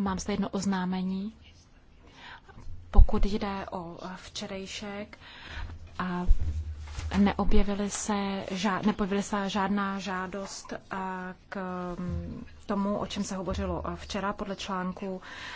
Mám zde jedno oznámení. Pokud jde o včerejšek, a neobjevily se, žád, nepojevily se žádná žádost k mm, tomu, o čem se hovořilo včera podle článku